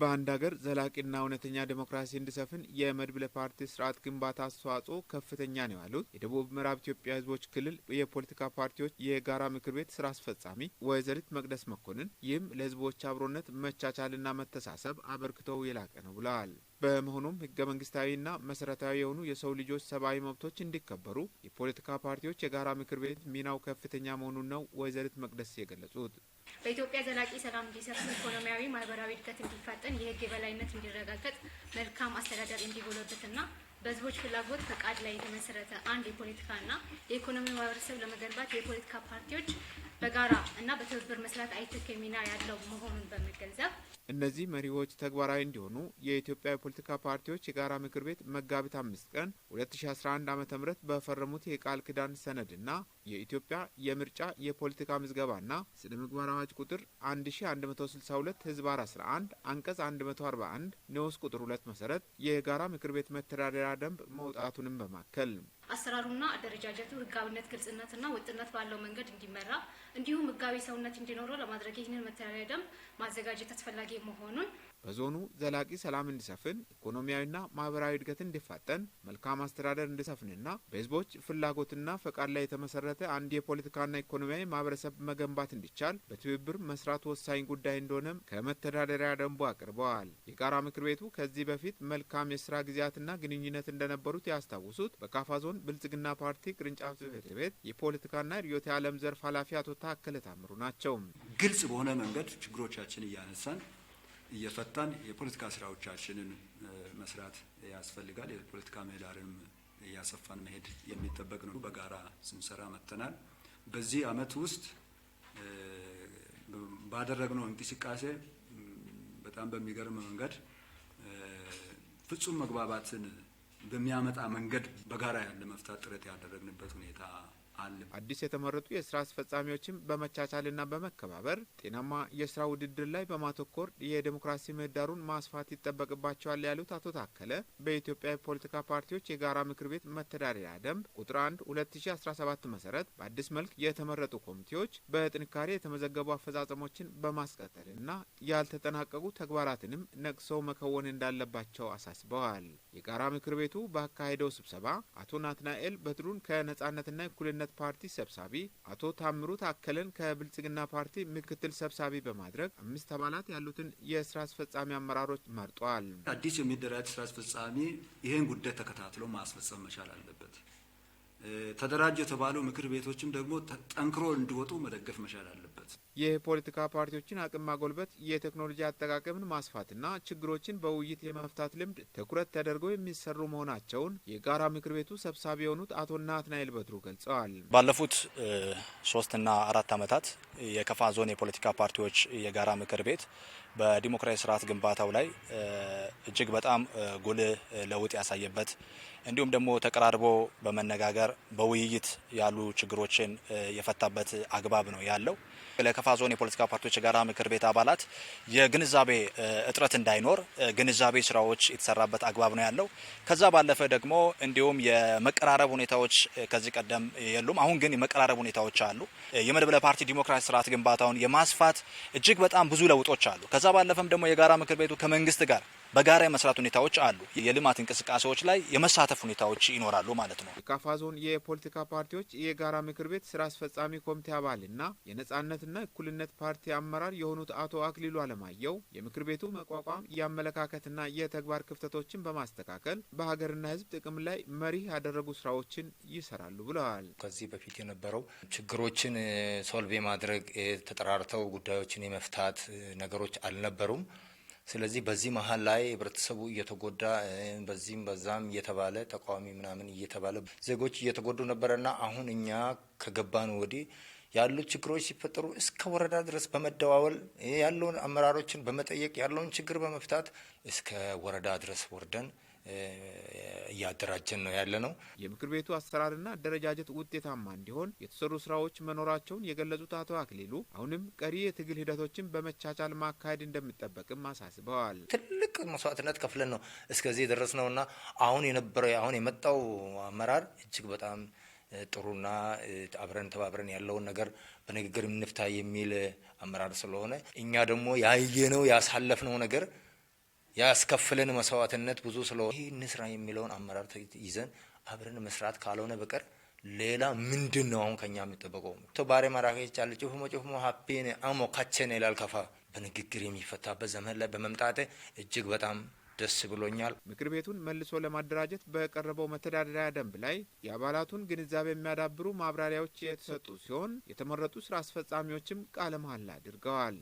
በአንድ ሀገር ዘላቂና እውነተኛ ዴሞክራሲ እንዲሰፍን የመድብለ ፓርቲ ስርዓት ግንባታ አስተዋጽኦ ከፍተኛ ነው ያሉት የደቡብ ምዕራብ ኢትዮጵያ ህዝቦች ክልል የፖለቲካ ፓርቲዎች የጋራ ምክር ቤት ስራ አስፈጻሚ ወይዘሪት መቅደስ መኮንን፣ ይህም ለህዝቦች አብሮነት መቻቻልና መተሳሰብ አበርክተው የላቀ ነው ብለዋል። በመሆኑም ህገ መንግስታዊና መሰረታዊ የሆኑ የሰው ልጆች ሰብአዊ መብቶች እንዲከበሩ የፖለቲካ ፓርቲዎች የጋራ ምክር ቤት ሚናው ከፍተኛ መሆኑን ነው ወይዘሪት መቅደስ የገለጹት። በኢትዮጵያ ዘላቂ ሰላም እንዲሰፍን፣ ኢኮኖሚያዊ ማህበራዊ እድገት እንዲፋጠን፣ የህግ የበላይነት እንዲረጋገጥ፣ መልካም አስተዳደር እንዲጎለበትና በህዝቦች ፍላጎት ፈቃድ ላይ የተመሰረተ አንድ የፖለቲካና የኢኮኖሚ ማህበረሰብ ለመገንባት የፖለቲካ ፓርቲዎች በጋራ እና በትብብር መስራት አይተክ ሚና ያለው መሆኑን በመገንዘብ እነዚህ መሪዎች ተግባራዊ እንዲሆኑ የኢትዮጵያ የፖለቲካ ፓርቲዎች የጋራ ምክር ቤት መጋቢት አምስት ቀን 2011 ዓ ም በፈረሙት የቃል ክዳን ሰነድና የኢትዮጵያ የምርጫ የፖለቲካ ምዝገባና ስነ ምግባር አዋጅ ቁጥር 1162 ህዝባር 11 አንቀጽ 141 ንዑስ ቁጥር 2 መሰረት የጋራ ምክር ቤት መተዳደሪያ ደንብ መውጣቱንም በማከል አሰራሩና አደረጃጀቱ ህጋዊነት፣ ግልጽነትና ወጥነት ባለው መንገድ እንዲመራ እንዲሁም ህጋዊ ሰውነት እንዲኖረው ለማድረግ ይህንን መተዳደሪያ ደንብ ማዘጋጀት አስፈላጊ ፈላጊ መሆኑን በዞኑ ዘላቂ ሰላም እንዲሰፍን ኢኮኖሚያዊና ማህበራዊ እድገት እንዲፋጠን መልካም አስተዳደር እንዲሰፍንና በህዝቦች ፍላጎትና ፈቃድ ላይ የተመሰረተ አንድ የፖለቲካና ኢኮኖሚያዊ ማህበረሰብ መገንባት እንዲቻል በትብብር መስራት ወሳኝ ጉዳይ እንደሆነም ከመተዳደሪያ ደንቡ አቅርበዋል። የጋራ ምክር ቤቱ ከዚህ በፊት መልካም የስራ ጊዜያትና ግንኙነት እንደነበሩት ያስታውሱት በካፋ ዞን ብልጽግና ፓርቲ ቅርንጫፍ ጽሕፈት ቤት የፖለቲካና ርዕዮተ ዓለም ዘርፍ ኃላፊ አቶ ታከለ ታምሩ ናቸው። ግልጽ በሆነ መንገድ ችግሮቻችን እያነሳን እየፈታን የፖለቲካ ስራዎቻችንን መስራት ያስፈልጋል። የፖለቲካ ምህዳርንም እያሰፋን መሄድ የሚጠበቅ ነው። በጋራ ስንሰራ መጥተናል። በዚህ አመት ውስጥ ባደረግነው እንቅስቃሴ በጣም በሚገርም መንገድ ፍጹም መግባባትን በሚያመጣ መንገድ በጋራ ለመፍታት ጥረት ያደረግንበት ሁኔታ አለ። አዲስ የተመረጡ የስራ አስፈጻሚዎችም በመቻቻልና በመከባበር ጤናማ የስራ ውድድር ላይ በማተኮር የዴሞክራሲ ምህዳሩን ማስፋት ይጠበቅባቸዋል ያሉት አቶ ታከለ በኢትዮጵያ የፖለቲካ ፓርቲዎች የጋራ ምክር ቤት መተዳደሪያ ደንብ ቁጥር 1 2017 መሰረት በአዲስ መልክ የተመረጡ ኮሚቴዎች በጥንካሬ የተመዘገቡ አፈጻጸሞችን በማስቀጠልና ያልተጠናቀቁ ተግባራትንም ነቅሰው መከወን እንዳለባቸው አሳስበዋል። የጋራ ምክር ቤቱ ባካሄደው ስብሰባ አቶ ናትናኤል በትሩን ከነጻነትና እኩልነት ፓርቲ ሰብሳቢ አቶ ታምሩ ታከለን ከብልጽግና ፓርቲ ምክትል ሰብሳቢ በማድረግ አምስት አባላት ያሉትን የስራ አስፈጻሚ አመራሮች መርጧል። አዲስ የሚደራጅ ስራ አስፈጻሚ ይህን ጉዳይ ተከታትሎ ማስፈጸም መቻል አለበት። ተደራጁ የተባሉ ምክር ቤቶችም ደግሞ ጠንክሮ እንዲወጡ መደገፍ መቻል አለበት። የፖለቲካ ፓርቲዎችን አቅም ማጎልበት፣ የቴክኖሎጂ አጠቃቀምን ማስፋትና ችግሮችን በውይይት የመፍታት ልምድ ትኩረት ተደርገው የሚሰሩ መሆናቸውን የጋራ ምክር ቤቱ ሰብሳቢ የሆኑት አቶ ናትናኤል በትሩ ገልጸዋል። ባለፉት ሶስትና አራት ዓመታት የከፋ ዞን የፖለቲካ ፓርቲዎች የጋራ ምክር ቤት በዲሞክራሲ ስርዓት ግንባታው ላይ እጅግ በጣም ጉልህ ለውጥ ያሳየበት እንዲሁም ደግሞ ተቀራርቦ በመነጋገር በውይይት ያሉ ችግሮችን የፈታበት አግባብ ነው ያለው። ለከፋ ዞን የፖለቲካ ፓርቲዎች የጋራ ምክር ቤት አባላት የግንዛቤ እጥረት እንዳይኖር ግንዛቤ ስራዎች የተሰራበት አግባብ ነው ያለው። ከዛ ባለፈ ደግሞ እንዲሁም የመቀራረብ ሁኔታዎች ከዚህ ቀደም የሉም። አሁን ግን የመቀራረብ ሁኔታዎች አሉ። የመድብለ ፓርቲ ዲሞክራሲ ስርዓት ግንባታውን የማስፋት እጅግ በጣም ብዙ ለውጦች አሉ። ከዛ ባለፈም ደግሞ የጋራ ምክር ቤቱ ከመንግስት ጋር በጋራ የመስራት ሁኔታዎች አሉ። የልማት እንቅስቃሴዎች ላይ የመሳተፍ ሁኔታዎች ይኖራሉ ማለት ነው። የካፋ ዞን የፖለቲካ ፓርቲዎች የጋራ ምክር ቤት ስራ አስፈጻሚ ኮሚቴ አባልና የነጻነትና እኩልነት ፓርቲ አመራር የሆኑት አቶ አክሊሉ አለማየሁ የምክር ቤቱ መቋቋም የአመለካከትና የተግባር ክፍተቶችን በማስተካከል በሀገርና ሕዝብ ጥቅም ላይ መሪህ ያደረጉ ስራዎችን ይሰራሉ ብለዋል። ከዚህ በፊት የነበረው ችግሮችን ሶልቭ ማድረግ ተጠራርተው ጉዳዮችን የመፍታት ነገሮች አልነበሩም። ስለዚህ በዚህ መሀል ላይ ህብረተሰቡ እየተጎዳ በዚህም በዛም እየተባለ ተቃዋሚ ምናምን እየተባለ ዜጎች እየተጎዱ ነበረና አሁን እኛ ከገባን ወዲህ ያሉት ችግሮች ሲፈጠሩ እስከ ወረዳ ድረስ በመደዋወል ያለውን አመራሮችን በመጠየቅ ያለውን ችግር በመፍታት እስከ ወረዳ ድረስ ወርደን እያደራጀን ነው ያለ ነው። የምክር ቤቱ አሰራርና አደረጃጀት ውጤታማ እንዲሆን የተሰሩ ስራዎች መኖራቸውን የገለጹት አቶ አክሊሉ አሁንም ቀሪ የትግል ሂደቶችን በመቻቻል ማካሄድ እንደሚጠበቅም አሳስበዋል። ትልቅ መስዋዕትነት ከፍለን ነው እስከዚህ የደረስነውና አሁን የነበረው አሁን የመጣው አመራር እጅግ በጣም ጥሩና አብረን ተባብረን ያለውን ነገር በንግግር እንፍታ የሚል አመራር ስለሆነ እኛ ደግሞ ያየነው ያሳለፍነው ነገር ያስከፍልን መስዋዕትነት ብዙ ስለሆነ ይህ እንስራ የሚለውን አመራር ይዘን አብረን መስራት ካልሆነ በቀር ሌላ ምንድን ነው አሁን ከኛ የሚጠበቀው? ተባሬ ማራኪ ጫል ጩፍሞ ጩፍሞ ሀፔን አሞ ካቸን ይላል ከፋ በንግግር የሚፈታበት ዘመን ላይ በመምጣት እጅግ በጣም ደስ ብሎኛል። ምክር ቤቱን መልሶ ለማደራጀት በቀረበው መተዳደሪያ ደንብ ላይ የአባላቱን ግንዛቤ የሚያዳብሩ ማብራሪያዎች የተሰጡ ሲሆን የተመረጡ ስራ አስፈጻሚዎችም ቃለ መሐላ አድርገዋል።